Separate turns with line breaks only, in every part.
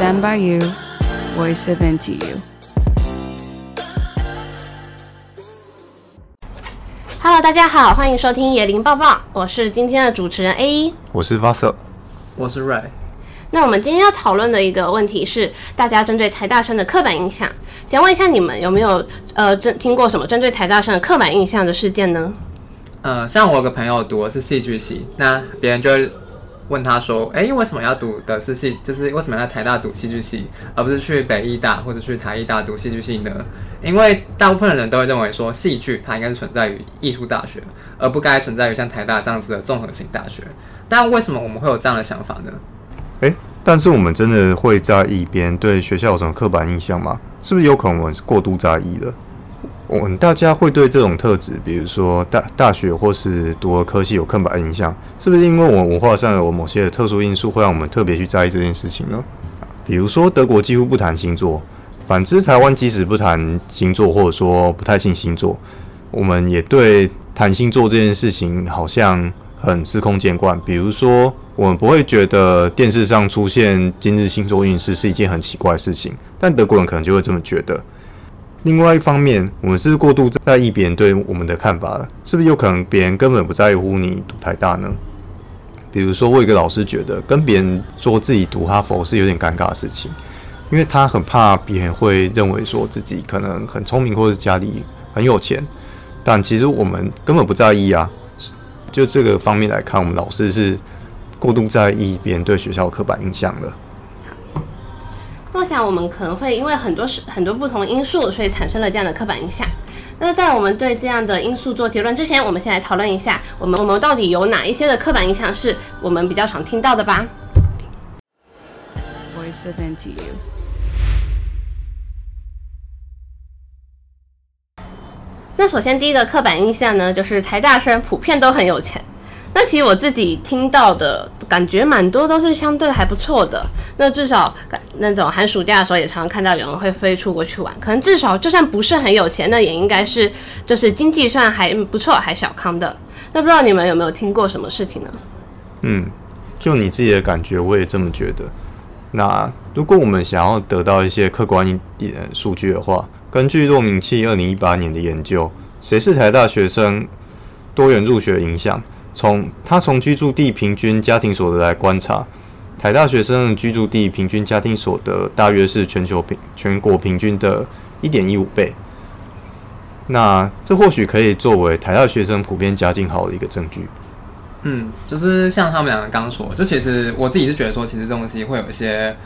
Stand by you, voice of into you. Hello，大家好，歡迎收聽《椰林抱報》，我是今天的主持人 A 一，
我是 Vasa，我是 Ray。
那我們今天要討論的一個問題是，大家針對台大生的刻板印象，想問一下你們有沒有呃，針聽過什麼針對台大生的刻板印象的事件呢？
呃，像我有個朋友讀的是戲劇系，那別人就。問他說：“哎、欸，為什麼要讀的是戲，就是為什麼要在台大讀戲劇系，而不是去北藝大或者去台藝大讀戲劇系呢？因為大部分的人都會認為說，戲劇它應該是存在於藝術大學，而不該存在於像台大這樣子的綜合性大學。但為什麼我們會有這樣的想法呢？
哎、欸，但是我們真的會在一邊對學校有什麼刻板印象嗎？是不是有可能我們是過度在意了？”我們大家會對這種特質，比如說大大學或是讀了科系有刻板印象，是不是因為我們文化上有某些的特殊因素，會讓我們特別去在意這件事情呢？比如說德國幾乎不談星座，反之台灣即使不談星座，或者說不太信星座，我們也對談星座這件事情好像很司空見慣。比如說，我們不會覺得電視上出現今日星座運勢是一件很奇怪的事情，但德國人可能就會這麼覺得。另外一方面，我們是不是過度在意別人對我們的看法了，是不是有可能別人根本不在乎你讀台大呢？比如說，我有一個老師覺得跟別人說自己讀哈佛是有點尷尬的事情，因為他很怕別人會認為說自己可能很聰明或者家裡很有錢，但其實我們根本不在意啊。就這個方面來看，我們老師是過度在意別人對學校刻板印象了。
我想，我們可能會因為很多是很多不同因素，所以產生了這樣的刻板印象。那在我們對這樣的因素做結論之前，我們先來討論一下，我們我們到底有哪一些的刻板印象是我們比較常聽到的吧 o e n t 那首先，第一個刻板印象呢，就是台大生普遍都很有錢。那其實我自己聽到的感覺蠻多都是相對還不錯的。那至少那種寒暑假的時候也常常看到有人會飛出國去玩，可能至少就算不是很有錢，那也應該是就是經濟算還不錯，還小康的。那不知道你們有沒有聽過什麼事情呢？嗯，
就你自己的感覺，我也這麼覺得。那如果我們想要得到一些客觀一點數據的話，根據駱明慶二零一八年的研究，《誰是台大學生多元入學影響》。從他從居住地平均家庭所得來觀察，台大學生居住地平均家庭所得大約是全球平全國平均的一點一五倍。那這或許可以作為台大學生普遍家境好的一個證據。
嗯，就是像他們兩個剛說，就其實我自己是覺得說，其實這東西會有一些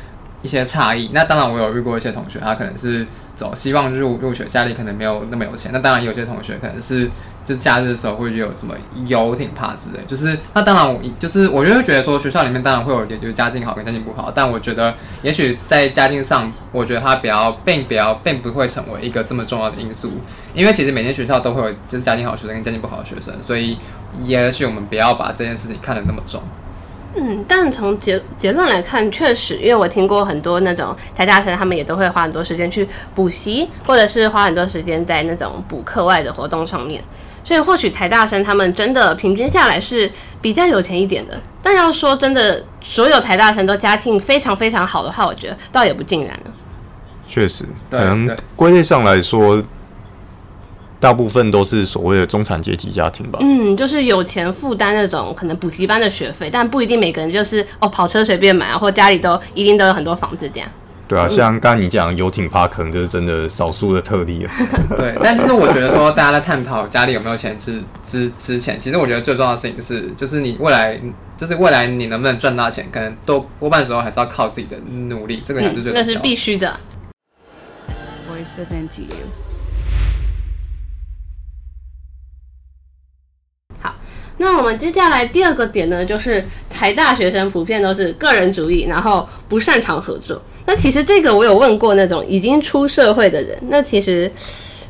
一些差異。那當然，我有遇過一些同學，他可能是走希望入入學，家裡可能沒有那麼有錢。那當然，也有些同學可能是。就是假日的時候會有什麼遊艇趴之類的，就是那當然我，我就是我就會覺得說學校裡面當然會有一點，就是家境好跟家境不好，但我覺得也許在家境上，我覺得它比較並比較並不會成為一個這麼重要的因素，因為其實每間學校都會有就是家境好的學生跟家境不好的學生，所以也許我們不要把這件事情看得那麼重。
嗯，但從結結論來看，確實，因為我聽過很多那種台大生，他們也都會花很多時間去補習，或者是花很多時間在那種補課外的活動上面。所以，或許台大生他們真的平均下來是比較有錢一點的，但要說真的，所有台大生都家庭非常非常好的話，我覺得倒也不盡然了。
確實，可能歸類上來說，大部分都是所謂的中產階級家庭吧。
嗯，就是有錢負擔那種可能補習班的學費，但不一定每個人就是哦跑車隨便買啊，或家裡都一定都有很多房子這樣。對啊，像
剛剛你講遊艇趴，可能就是真的少數的特例了。 對，但是我覺得說，大家在探討家裡有沒有錢之之之前，其實我覺得最重要的事情是，就是你未來，就是未來你能不能賺到錢，可能多半時候還是要靠自己的努力，這個才是最重要的。嗯，那是必
須的。Voice o 好，那我們接下來第二個點呢，就是台大學生普遍都是個人主義，然後不擅長合作。那其實這個我有問過那種已經出社會的人。那其實，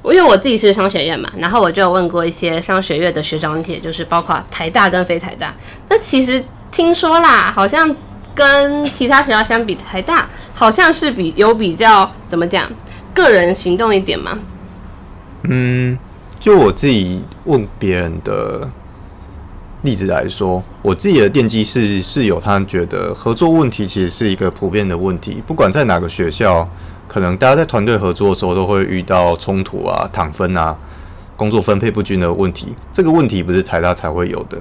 我因為我自己是商學院嘛，然後我就有問過一些商學院的學長姐，就是包括台大跟非台大。那其實聽說啦，好像跟其他學校相比，台大好像是比有比較怎麼講，個人行動一點嘛。嗯，
就我自己問別人的。例子來說，我自己的電機系室友他覺得合作問題其實是一個普遍的問題，不管在哪個學校，可能大家在團隊合作的時候都會遇到衝突啊、躺分啊、工作分配不均的問題。這個問題不是台大才會有的。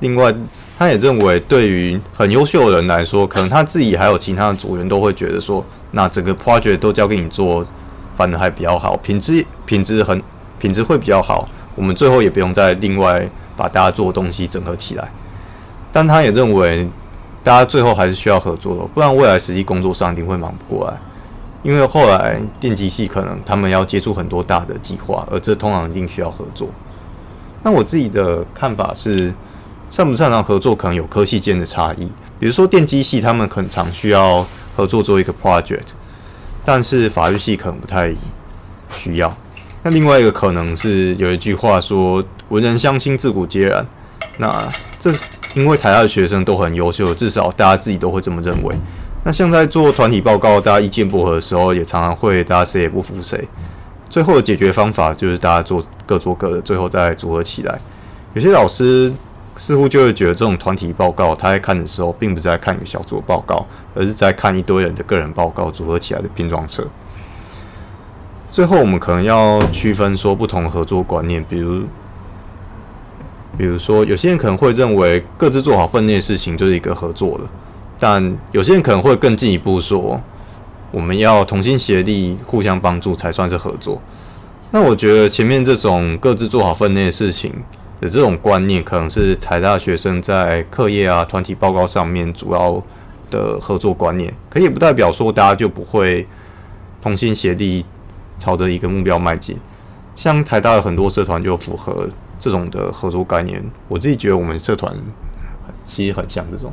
另外，他也認為對於很優秀的人來說，可能他自己還有其他的組員都會覺得說，那整個 project 都交給你做，反而還比較好，品質品質很品質會比較好。我們最後也不用再另外，把大家做的東西整合起來，但他也認為大家最後還是需要合作的，不然未來實際工作上一定會忙不過來。因為後來電機系可能他們要接觸很多大的計劃，而這通常一定需要合作。那我自己的看法是，擅不擅長合作可能有科系間的差異。比如說電機系他們很常需要合作做一個 project，但是法律系可能不太需要。那另外一個可能是有一句話說“文人相輕，自古皆然”那。那這因為台大的學生都很優秀，至少大家自己都會這麼認為。那像在做團體報告，大家意見不合的時候，也常常會大家誰也不服誰。最後的解決方法就是大家做各做各的，最後再組合起來。有些老師似乎就會覺得這種團體報告，他在看的時候，並不是在看一個小組的報告，而是在看一堆人的個人報告組合起來的拼裝車。最後，我們可能要區分說不同合作觀念，比如，比如說，有些人可能會認為各自做好分內的事情就是一個合作了，但有些人可能會更進一步說，我們要同心協力、互相幫助才算是合作。那我覺得前面這種各自做好分內的事情的這種觀念，可能是台大學生在課業啊、團體報告上面主要的合作觀念，可也不代表說大家就不會同心協力。朝着一個目標邁進，像台大的很多社團就符合這種的合作概念。我自己覺得我們社團其實很像這種。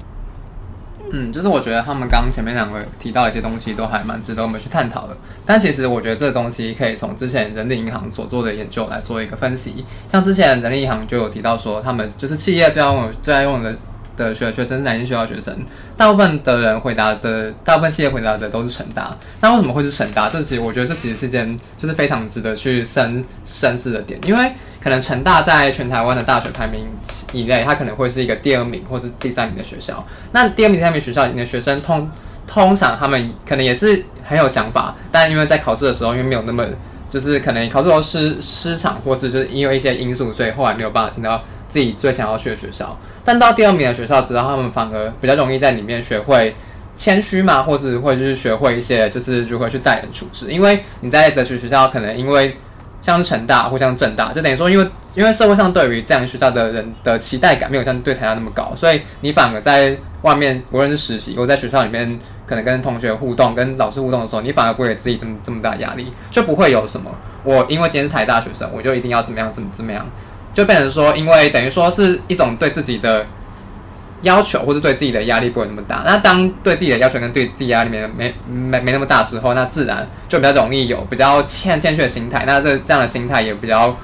嗯，就是我覺得他們剛剛前面兩位提到的一些東西都還蠻值得我們去探討的。但其實我覺得這東西可以從之前人力銀行所做的研究來做一個分析。像之前人力銀行就有提到說，他們就是企業最愛用、最愛用的。的學學生是哪些學校學生？大部分的人回答的，大部分企業回答的都是成大。那為什麼會是成大？這其實我覺得這其實是一件就是非常值得去深深思的點。因為可能成大在全台灣的大學排名以內，它可能會是一個第二名或是第三名的學校。那第二名、第三名學校你的學生通通常他們可能也是很有想法，但因為在考試的時候因為沒有那麼就是可能考試時失常或是就是因為一些因素，所以後來沒有辦法進到自己最想要去的學校，但到第二名的學校之後，他們反而比較容易在裡面學會謙虛嘛，或是會就是學會一些就是如何去待人處事。因為你在的學校可能因為像是成大或像政大，就等於說因為因為社會上對於這樣學校的人的期待感沒有像對台大那麼高，所以你反而在外面無論是實習或在學校裡面，可能跟同學互動、跟老師互動的時候，你反而不會給自己這麼這麼大壓力，就不會有什麼我因為今天是台大學生，我就一定要怎麼樣、怎麼怎麼樣。就變成說，因為等於說是一種對自己的要求，或是對自己的壓力不會那麼大。那當對自己的要求跟對自己壓力沒沒沒沒那麼大的時候，那自然就比較容易有比較欠欠缺的心態。那這這樣的心態也比較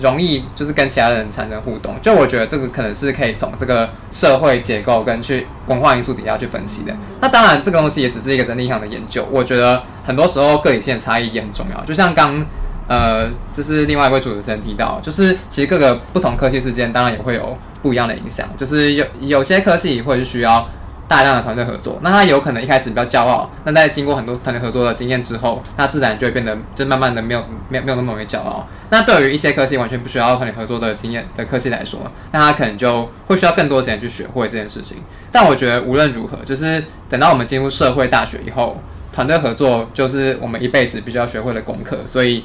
容易就是跟其他的人產生互動。就我覺得這個可能是可以從這個社會結構跟去文化因素底下去分析的。那當然這個東西也只是一個整體上的研究。我覺得很多時候個體性的差異也很重要。就像剛。呃，就是另外一位主持人提到，就是其實各個不同科系之間，當然也會有不一樣的影響。就是有有些科系會需要大量的團隊合作，那他有可能一開始比較驕傲，那在經過很多團隊合作的經驗之後，那自然就會變得，就慢慢的沒有沒有沒有那麼容易驕傲。那對於一些科系完全不需要團隊合作的經驗的科系來說，那他可能就會需要更多時間去學會這件事情。但我覺得無論如何，就是等到我們進入社會大學以後，團隊合作就是我們一輩子必須要學會的功課，所以。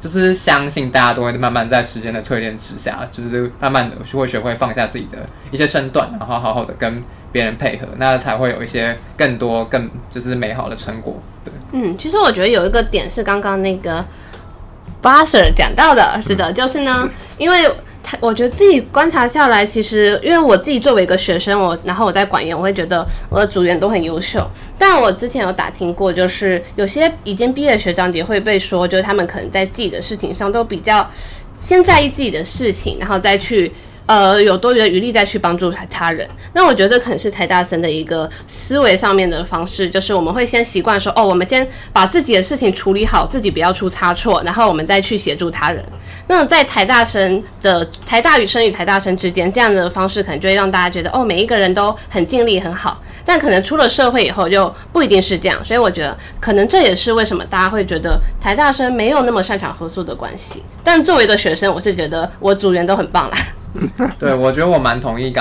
就是相信大家都會慢慢在時間的淬煉之下，就是慢慢的會學會放下自己的一些身段，然後好好的跟別人配合，那才會有一些更多更就是美好的成果。
對，嗯，其實我覺得有一個點是剛剛那個巴叔講到的，是的，嗯、就是呢， 因為。我覺得自己觀察下來，其實因為我自己作為一個學生，我然後我在管研，我會覺得我的組員都很優秀。但我之前有打聽過，就是有些已經畢業的學長也會被說，就是他們可能在自己的事情上都比較先在意自己的事情，然後再去。呃，有多餘的餘力再去幫助他他人，那我覺得這可能是台大生的一個思維上面的方式，就是我們會先習慣說，哦，我們先把自己的事情處理好，自己不要出差錯，然後我們再去協助他人。那在台大生的台大生與台大生之間，這樣的方式可能就會讓大家覺得，哦，每一個人都很盡力很好，但可能出了社會以後就不一定是這樣。所以我覺得，可能這也是為什麼大家會覺得台大生沒有那麼擅長合作的關係。但作為一個學生，我是覺得我組員都很棒啦。
對，我覺得我蠻同意剛。